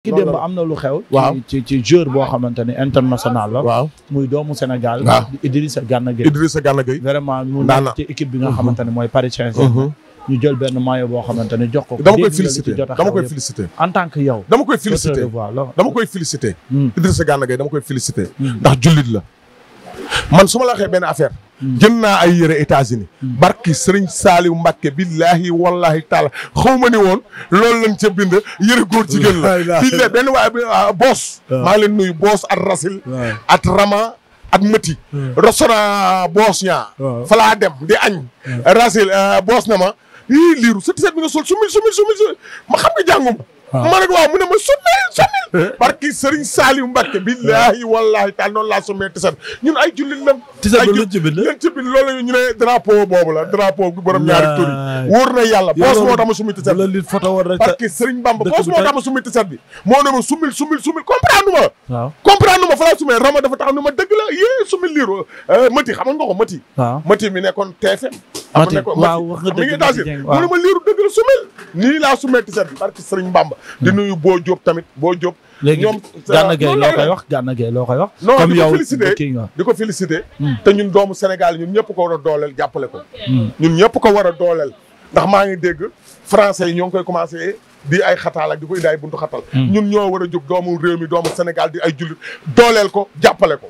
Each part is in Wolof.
ki démb am na lu xew. waaw ci ci joueur boo xamante ne international la. waaw muy doomu Sénégal. waaw Idrissa Gana Gueye. Idrissa Gana Gueye. vraiment mu nekk ci équipe bi nga mhm. xamante ne mooy Paris Saint-Germain. Mhm. ñu jël benn maillot boo xamante ne jox ko. dama koy féliciter dama koy féliciter. en tant que yow. dama koy féliciter dama koy féliciter. Hmm. Idrissa Gana Gueye dama koy féliciter. Hmm. ndax jullit la. man su ma la benn affaire. jën naa ay yëre États-Unis hmm. barki sëriñ Saaliw Mbàkke billaahi wallaahi taala xaw ma ni woon lool lañ ca bind yëre góor jigéen la bii la benn waaye ah, boos maa leen nuyu boos at rasil at rama ak mëti hmm. restaurant boos ñaa fa dem di añ hmm. rasil euh, boos na ma ii liiru sa tiset bi nga sol sumil sumil sumil ma xam nga jànguma Ah. ma ne ko waaw mu ne ma sonnil sonnil eh? barki Serigne Saliou Mbacke billaahi eh? wallaahi taal noonu laa sommee tisat ñun ay jullit lan tisat lu ci bind lan ci bind ñu ne drapeau boobu la drapeau bu borom ñaari tur yi wóor na yàlla boos moo tax ma summi tisat barki Serigne Bamba boos moo tax ma summi tisat bi moo ne ma summil summil summil comprendre ma waaw ma fa laa summee rama dafa taxaw ne ma dëgg la yée summil liiru euh, mati xamoon nga ko mati mati mi nekkoon TFM mati waaw wax nga dëgg mi ngi dansir mu ne ma liiru dëgg la summil nii laa summee tisat bi barki di hmm. nuyu boo Diop tamit boo Diop. ñoom gànna euh, gay loo koy wax gànna gay loo koy wax. comme yow kii nga di ko félicité hmm. te ñun doomu Sénégal ñun ñëpp ko war a dooleel jàppale ko. Hmm. ñun ñëpp ko war dooleel ndax maa ngi dégg français yi ñoo ngi koy commencé di ay xataal ak di ko indi ay buntu xatal. ñun ñoo war a jóg doomu réew mi doomu Sénégal di ay jullit dooleel ko jàppale ko.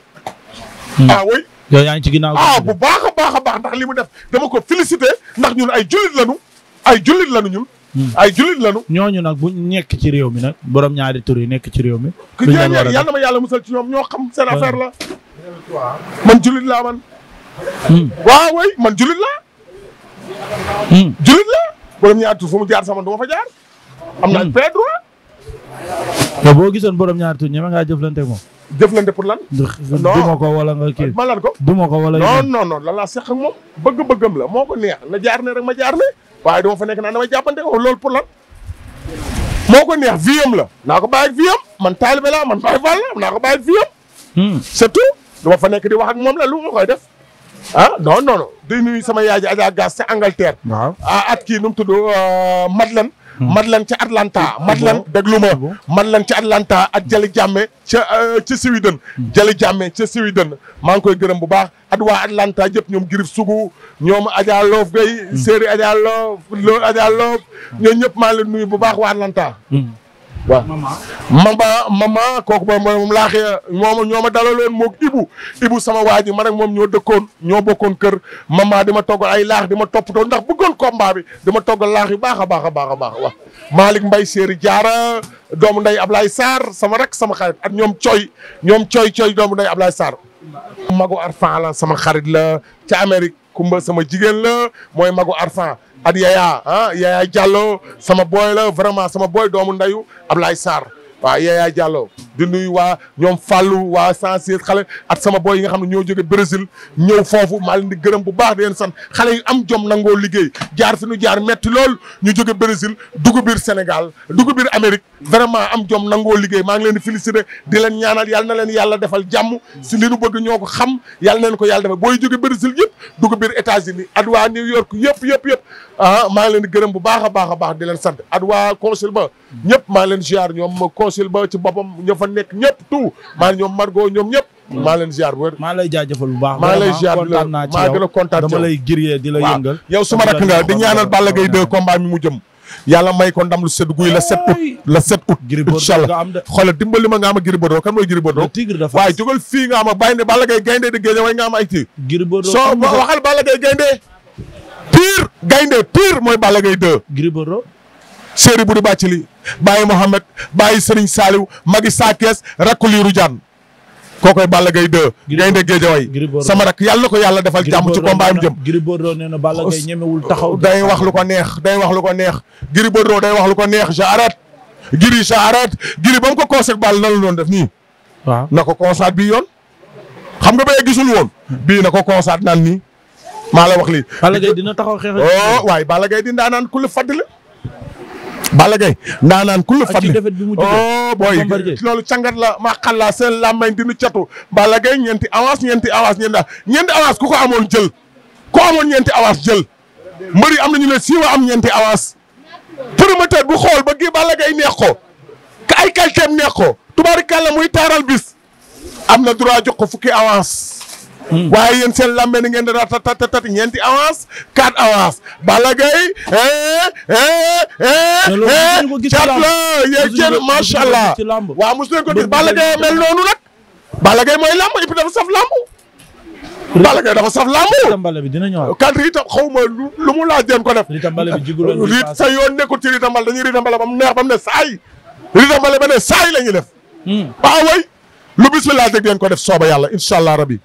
ah oui. yow yaa ngi ci ginnaaw ah bu baax a baax a baax ndax li mu def dama ko félicité ndax ñun ay jullit lañu ay jullit lañu ñun. Hmm. ay jullit lañu. ñooñu nag buñ nekk ci réew mi nag borom ñaari tur yi nekk ci réew mi. duñ leen a yàlla ma yàlla musal ci ñoo xam seen affaire la. man jullit laa man. Hmm. waaw way man jullit laa. Hmm. jullit laa borom ñaari tur fu mu jaar sama du ma fa jaar. am naa plein droit. te boo gisoon borom ñaari tur ñeme ngaa jëflante moom. jëflante pour lan. non duma ko wala nga kii. man lan ko duma ko wala. non non non lan laa seq ak moom bëgg-bëggam la moo ko neex na jaar ne rek ma jaar ne. waaye dama fa nekk naan damay jàppante ko oh, loolu pour lan moo ko neex viam la naa ko bàyyi ak viam man taalibe la man Baay Faal la naa ko bàyyi ak viam hmm. surtout dama fa nekk di wax ak moom la lu ma koy def ah non non non sama yaay ji Adja Gass ca Angleterre. waaw ah at kii nu mu tudd euh, Madeleine Mmh. Madeleine ca Atlanta mmh. Madeleine mmh. déglu ma Madeleine ca Atlanta ak Jali Jàmme ca euh, ca Sweden Jali Jàmme ca Sweden maa ngi koy gërëm bu baax at waa Atlanta yëpp ñoom girif sugu ñoom Adja Loof Gay séeri Adja Loof Adja Loof ñoom ñëpp maa leen nuyu bu baax wa Atlanta waaw mama mama kooku ba moom laax ya ñoo ma ñoo ma dalaloon moog Ibu Ibu sama waa ji man ak moom ñoo dëkkoon ñoo bokkoon kër mama di ma togg ay laax di ma toppatoo ndax bëggoon combat bi di ma togg laax yu baax a baax a baax a baax waaw Malick Mbaye Séeri Diarra doomu nday Ablaye Sarr sama rek sama xarit ak ñoom Coy ñoom Coy Coy doomu nday Ablaye Sarr magu Arfan la sama xarit la ca Amérique Kumba sama jigéen la mooy magu Arsan ak Yaya ah Yaya Diallo sama booy la vraiment sama booy doomu ndayu Ablaye Sarr Yaya Diallo di nuyu waa ñoom Fallou waa 116 xale ak sama boy yi nga xam ne ñoo jóge Brésil ñëw foofu maa leen di gërëm bu baax di leen sant xale yu am jom nangoo liggéey jaar fi ñu jaar metti lool ñu jóge Brésil dugg Sénégal dugg Amérique vraiment am jom nangoo liggéey maa ngi leen di féliciter di leen ñaanal yàlla na leen yàlla defal jàmm si li nu bëgg ñoo ko xam yàlla na leen ko yàlla defal booy jóge Brésil yëpp dugg biir États-Unis ak waa New York yëpp yëpp yëpp ah di gërëm bu baax a a baax di leen sant ak waa consul ba ñëpp maa ngi nekk ñëpp tout maa ñoom Margo ñoom ñëpp mm. maa leen ziar bu wér maa lay jaajëfal bu baax maa lay ziar kontaan naa maa gën a kontaan dama lay giree di la yëngal yow suma rakk nga di ñaanal Balla Gaye 2 combat mi mu jëm may ko ndam lu guy la sept août la sept août incha allah dimbali ma nga ama Gris Bordeaux kan mooy Gris Bordeaux waaye jógal fii nga ama ne Balla Gaye gaynde di génne way nga ama soo waxal Balla Gaye gaynde pire gaynde pire mooy Serigne Boury Bathily Baye Mohamed Baye Serigne Saliou Magi Sakes rakku Lirou Diane kookoy Balla Gaye 2. gaynde Géejawaay sama rak yàlla na ko yàlla defal jàmm ci combat am jëm. Gris Bordeaux nee na Balla Gaye ñemewul taxaw. day wax lu ko neex day wax lu ko neex Gris Bordeaux day wax lu ko neex j'arrête Gris j'arrête Gris ba ko conseil Balla nan la doon def nii. waaw na ko constat bii yoon. xam nga bee gisul woon. bii na ko constat naan nii maa la wax lii. Balla Gaye dina taxaw xeex. Oh, waaye Balla Balla Gaye ndaanaan ku la fàttali oh boy loolu cangat la ma xalla seen làmmañ dinu catu Balla Gaye ñeenti avance ñeenti avance ñeenti ku ko amoon jël ku amoon ñeenti avance jël mbëri am nañu ne siiwa am ñeenti avance promoteur bu xool ba gi Balla Gaye ka ay qualité am neex ko tubaarikàlla muy taaral bis am na droit jox ko fukki avance Hmm. waaye yéen seen lambe ni ngeen di ratatat ñeenti ngeen quatre avance. Balla Gaye. cat eh, la eh, yéeg eh, cër macha allah. waaw mosu leen ko gis Balla Gaye mel noonu nag. Balla Gaye mooy lamb et puis dafa saf lamb. Balla Gaye dafa saf lamb. ritam Balla bi dina xaw ma lu mu laaj leen ko def. ritam Balla bi jiguloo rit sa yoon nekkul ci ritam Balla dañuy ritam Balla ba mu neex ba mu ne saay. ritam Balla ba ne saay la ñuy def. Hmm. waaw way lu bismillah dégg leen ko def sooba yàlla incha allah rabi.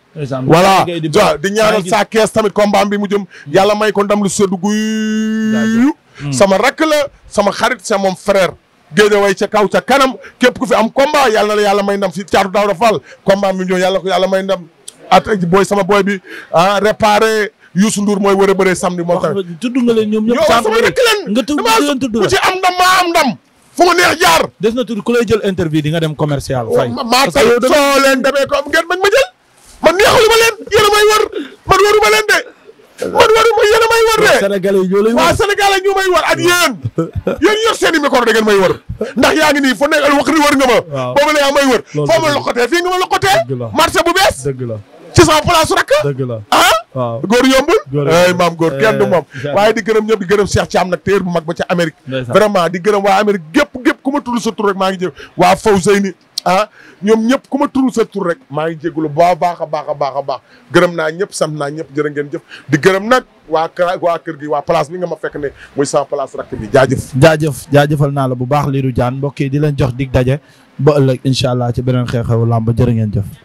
voilà di ñaanal saa kees tamit combat bi mu jëm hmm. yàlla may ko ndam lu sedd guy hmm. sama rakk la sama xarit c'est mon frère géeja way ca kaw ca kanam képp ku fi am combat yàlla la yàlla may ndam si caatu daaw da fall combat bi mu jëm yàlla ko yalla may ndam at booy sama booy bi ah réparé Youssou Ndour mooy war a bëree samedi moom tamit tudd nga ñoom ñëpp sama rakk leen ku ci am ndam maa am ndam fu na tudd ku lay jël interview di nga dem commercial fay oh, maa tay soo leen demee ko ngeen bañ man neexalu ma leen yéen a may war man waru ma leen de. man waru ma yéen a may war de. Sénégalais yi ñoo lay war waaw Sénégalais ñu may war ak yéen. yéen yor seen i micro da ngeen may war ndax yaa ngi nii foo nekk wax ni war nga ma. waaw boobu la yaa may war. loolu foo ma fii nga ma lokkotee. dëgg la bu bees. la ci sama place rakk. dëgg la ah. waaw yombul. góor yombul ay maam eh. du moom. waaye di gërëm ñëpp di gërëm Cheikh Thiam nag téer bu mag ba ca Amérique. vraiment di gërëm waa Amérique gépp gépp ku ma tudd sa tur maa ngi jëf waa Fawzeyni ah ñoom ñëpp ku ma turu sa tur rek maa ngi jégalu baa baax a baax a baax a baax gërëm naa ñëpp sant naa ñëpp jërë ngeen jëf di gërëm nag waa kër waa kër gi waa place bi nga ma fekk ne muy sans place rakk bi jaajëf jaajëf jaajëfal naa la bu baax Lirou jaan mbokk yi di jox dig daje ba ëllëg incha allah ci beneen xew-xewu làmb jërë ngeen jëf